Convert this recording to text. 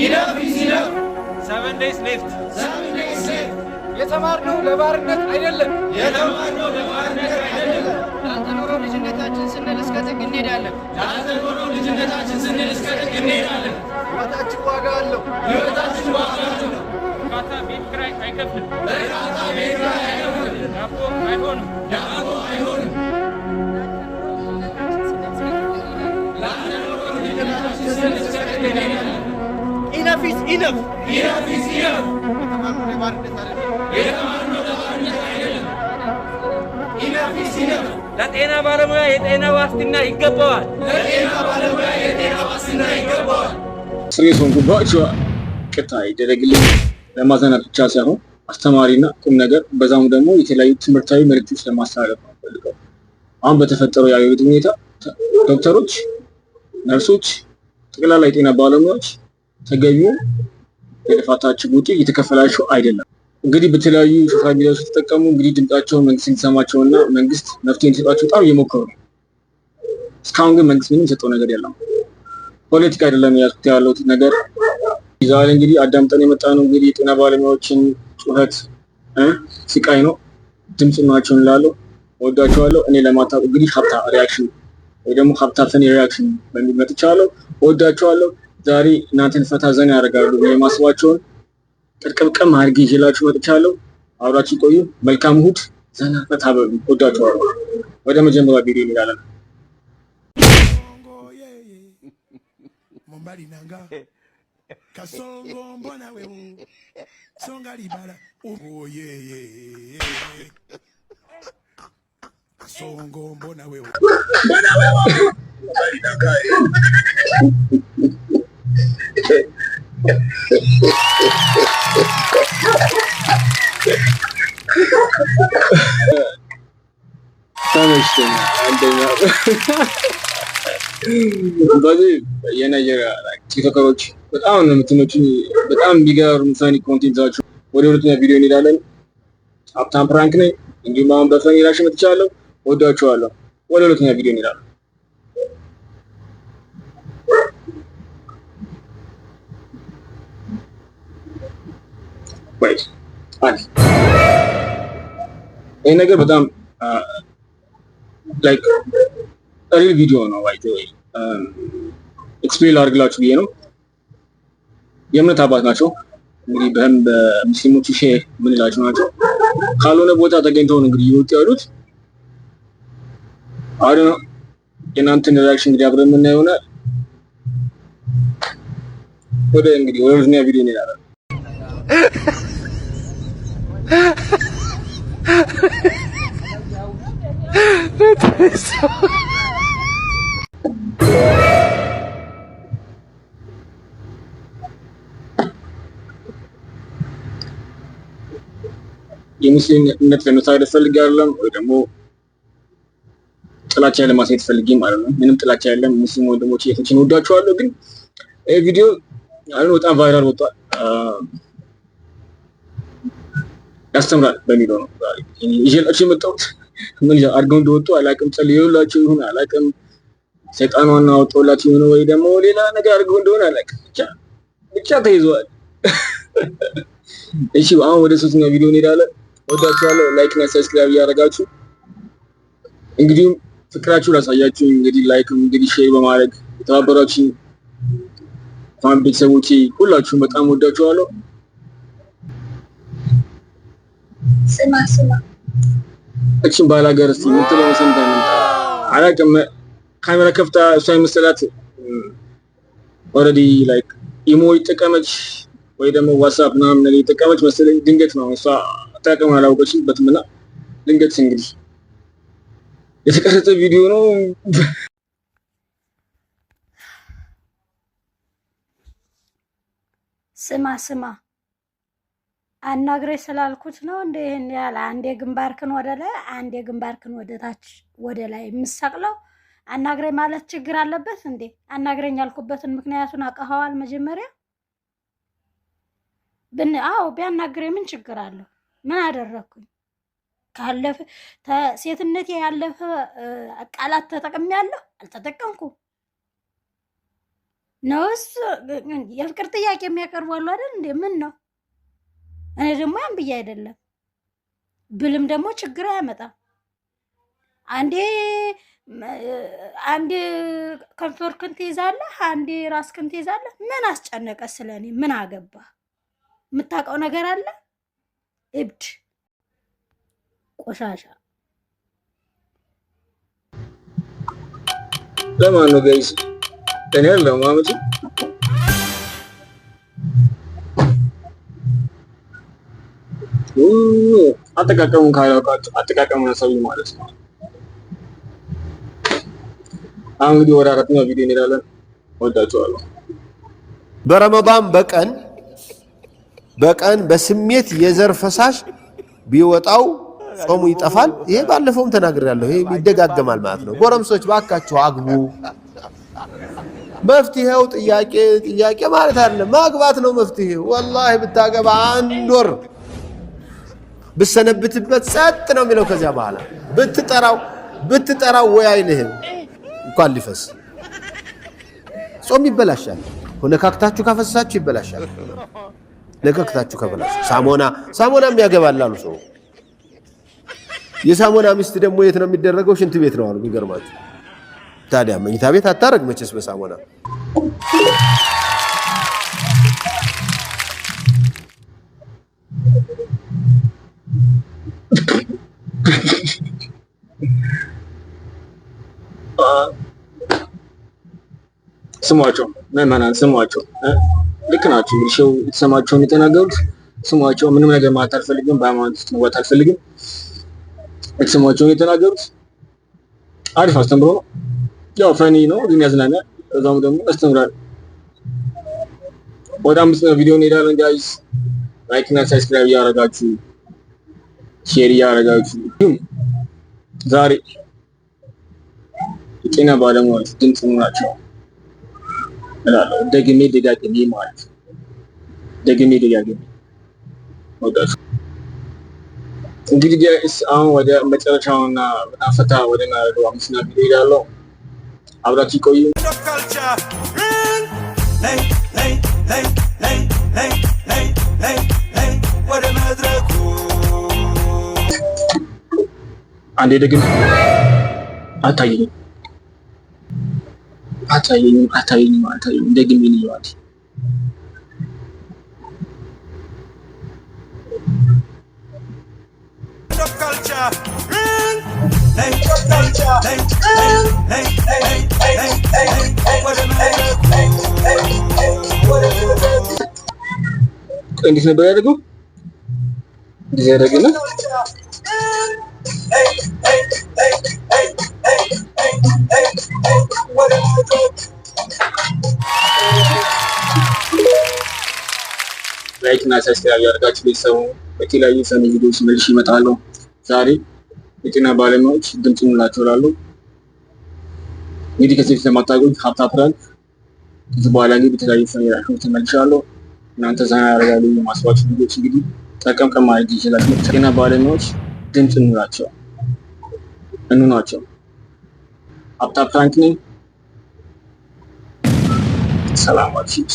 ኢነፍ ኢዝ ኢነፍ። የተማርነው ለባርነት አይደለም፣ የተማርነው ለባርነት አይደለም። ላንተ ልጅነታችን ስንል እስከ ጥግ እንሄዳለን። ላንተ ልጅነታችን ስንል እስከ ጥግ እንሄዳለን። ሕይወታችን ዋጋ አለው። ሕይወታችን ይለፍ ይለፍ ይለፍ። ለጤና ባለሙያ የጤና ዋስትና ይገባዋል። ለጤና ባለሙያ የጤና ዋስትና ይገባዋል። ስሬት ሆንኩባቸው ቅታ ይደረግልኝ ለማዘናት ብቻ ሳይሆን አስተማሪና ቁም ነገር በዛም ደግሞ የተለያዩ ትምህርታዊ መልዕክቶች ለማስተላለፍ ፈልገው አሁን በተፈጠረው የአገሪቱ ሁኔታ ዶክተሮች፣ ነርሶች፣ ጠቅላላ የጤና ባለሙያዎች ተገቢው የልፋታችሁ ውጤት እየተከፈላችሁ አይደለም። እንግዲህ በተለያዩ ሶሻል ሚዲያዎች ተጠቀሙ። እንግዲህ ድምጻቸውን መንግስት እንዲሰማቸው እና መንግስት መፍትሄ እንዲሰጣቸው በጣም እየሞከሩ ነው። እስካሁን ግን መንግስት ምንም የሰጠው ነገር የለም። ፖለቲካ አይደለም ያልኩት ያለው ነገር ዛሬ እንግዲህ አዳምጠን የመጣ ነው። እንግዲህ የጤና ባለሙያዎችን ጩኸት ስቃይ ነው። ድምፅ ናቸውን ላለው ወዳቸዋለሁ። እኔ ለማታ እንግዲህ ሀብታ ሪያክሽን ወይ ደግሞ ፈኔ ሪያክሽን በሚል መጥቻለሁ። ወዳቸዋለሁ። ዛሬ እናንተን ፈታ ዘና ያደርጋሉ ብዬ ማስባቸውን ቅርቅብቅም አድርጌ ይዤላችሁ መጥቻለሁ። አብራችሁ ቆዩ። መልካም እሁድ ዘና ፈታ በሉ። ወዳችኋለሁ። ወደ መጀመሪያ ቪዲዮ እንሄዳለን። የናይጄሪያ ቲክቶከሮች በጣም ነው የምትመችኝ። በጣም የሚገርም ፈኒ ኮንቴንት ናቸው። ወደ ሁለተኛ ቪዲዮ እንሄዳለን። ሀብታም ፕራንክ ነኝ። እንዲሁም አሁን በፈኒ ላሽ መጥቻለሁ። ወዳችኋለሁ። ወደ ሁለተኛ ቪዲዮ እንሄዳለን። ይህ ነገር በጣም ላይክ ሪል ቪዲዮ ነው። ይ ኤክስፕሌን ላድርግላችሁ ብዬ ነው። የእምነት አባት ናቸው። እንግዲህ በህም በሙስሊሞቹ ሼ የምንላቸው ናቸው። ካልሆነ ቦታ ተገኝተው ነው እንግዲህ ይወጡ ያሉት። አሁን የእናንተን ሪያክሽን እንግዲህ አብረን የምና የሆነ ወደ እንግዲህ ወደ ዝኛ ቪዲዮ እንሄዳለን። That የሙስሊምነት ለመሳደብ እፈልጋለሁ ወይ ደግሞ ጥላቻ ለማሳየት ፈልጌ ማለት ነው። ምንም ጥላቻ የለም። ሙስሊም ወንድሞች እህቶችን ወዳችኋለሁ። ግን ይህ ቪዲዮ አሁን በጣም ቫይራል ወጥቷል። ያስተምራል በሚለው ነው ይዤላችሁ የመጣሁት። ምን አድርገው እንደወጡ አላቅም። ጸልየውላቸው ይሁን አላቅም። ሰይጣኗና አውጦላቸው ይሁን ወይ ደግሞ ሌላ ነገር አድርገው እንደሆነ አላቅም። ብቻ ብቻ ተይዘዋል። እሺ አሁን ወደ ሶስተኛው ቪዲዮ እንሄዳለን። ወዳችኋለሁ። ላይክ እና ሰብስክራይብ እያደረጋችሁ እንግዲህ ፍቅራችሁን አሳያችሁ። እንግዲህ ላይክ እንግዲህ ሼር በማድረግ የተባበራችሁ ፋን ቤተሰቦቼ ሁላችሁም በጣም ወዳችኋለሁ። ስማ ስማ እችን ባላገር እስኪ የምትለው ሰምታ አላውቅም። ካሜራ ከፍታ እሷ የመሰላት ኦልሬዲ ላይክ ኢሞ ይጠቀመች ወይ ደግሞ ዋትሳፕ ምናምን ነገር ይጠቀመች መሰለኝ። ድንገት ነው እሷ አጠቃቀሙን አላወቀችበትም እና ድንገት እንግዲህ የተቀረጸ ቪዲዮ ነው። ስማ ስማ አናግሬ ስላልኩት ነው እንደ ይህን ያህል አንዴ ግንባርክን ወደ ላይ አንድ ግንባርክን ወደ ታች ወደ ላይ የምሰቅለው አናግሬ ማለት ችግር አለበት እንዴ? አናግረኝ ያልኩበትን ምክንያቱን አቀኸዋል መጀመሪያ ብን አዎ ቢያናግሬ ምን ችግር አለው? ምን አደረግኩኝ? ካለፈ ሴትነት ያለፈ ቃላት ተጠቅሜያለሁ? አልተጠቀምኩም። ነውስ የፍቅር ጥያቄ የሚያቀርቧሉ አይደል እንዴ? ምን ነው? እኔ ደግሞ ያን ብዬ አይደለም ብልም ደግሞ ችግር አያመጣም። አንዴ አንድ ከንፈርክን ትይዛለህ፣ አንዴ ራስክን ትይዛለህ። ምን አስጨነቀ? ስለኔ ምን አገባ? የምታውቀው ነገር አለ እብድ ቆሻሻ። ለማን ነው ገይዝ? እኔ ያለው ማመጡ አጠቃቀሙን ካላውቃችሁ አጠቃቀሙን ያሳዩ ማለት ነው። አሁን እንግዲህ ወደ አራተኛው ቪዲዮ እንሄዳለን። ወዳችኋለሁ። በረመዳን በቀን በቀን በስሜት የዘር ፈሳሽ ቢወጣው ጾሙ ይጠፋል። ይሄ ባለፈውም ተናግሬያለሁ። ይሄ ይደጋገማል ማለት ነው። ጎረምሶች ባካችሁ አግቡ። መፍትሄው ጥያቄ ጥያቄ ማለት አለ ማግባት ነው መፍትሄ ወላሂ ብታገባ አንድ ወር ብሰነብትበት ጸጥ ነው የሚለው። ከዚያ በኋላ ብትጠራው ብትጠራው ወይ አይልህም እንኳን ሊፈስ። ጾም ይበላሻል። ካክታችሁ ካፈሳችሁ ይበላሻል። ነካክታችሁ ከፍላችሁ ሳሞና ሳሞናም ያገባል አሉ ሰው። የሳሞና ሚስት ደግሞ የት ነው የሚደረገው? ሽንት ቤት ነው አሉ። የሚገርማችሁ ታዲያ መኝታ ቤት አታረግ መቼስ በሳሞና ስሟቸው ምዕመናን ስሟቸው ልክ ናቸው። እንግዲህ ሰው የተሰማቸውን የተናገሩት ስማቸው ምንም ነገር ማለት አልፈልግም፣ በሃይማኖት ውስጥ መግባት አልፈልግም። የተሰማቸውን የተናገሩት አሪፍ አስተምሮ ነው። ያው ፈኒ ነው ግን ያዝናናል፣ እዛም ደግሞ አስተምራል ወደ አምስት ነው ቪዲዮ እንሄዳለን። ጋይስ ላይክ እና ሳብስክራይብ እያደረጋችሁ ሼር እያደረጋችሁ ግን ዛሬ የጤና ባለሙያዎች ድምፅ ናቸው። እላለሁ። ደግሜ ደጋግሜ ማለት ደግሜ ደጋግሜ እንግዲህ አሁን ወደ መጨረሻውና በጣም ፈታ ወደ ናረዱ አምስት ና አብራችሁ ይቆዩ። አንዴ ደግሜ አታየኝም አታዩኝም፣ አታዩኝም፣ አታዩኝም ደግሜ ልየዋል። እንዴት ነበር ያደርገው? ጊዜ ያደርግና ላይክ እና ሰብስክራይብ ያደርጋችሁ ቤተሰቡ በተለያዩ ሰሚ ቪዲዮዎች መልሽ ይመጣሉ ዛሬ የጤና ባለሙያዎች ድምፅ እንላቸው ላሉ እንግዲህ ከዚህ በፊት ለማታውቁኝ ሀብታፕራል ከዚህ በኋላ እንግዲህ በተለያዩ ሰሚ ራሾች ተመልሻለሁ። እናንተ ዘና ያደርጋሉ የማስባችሁ ቪዲዮዎች እንግዲህ ጠቀም ቀም ማድረግ ይችላል። ጤና ባለሙያዎች ድምፅ እንላቸው እኑ ናቸው። ሀብታ ፕራንክ ነኝ። ሰላማችሁ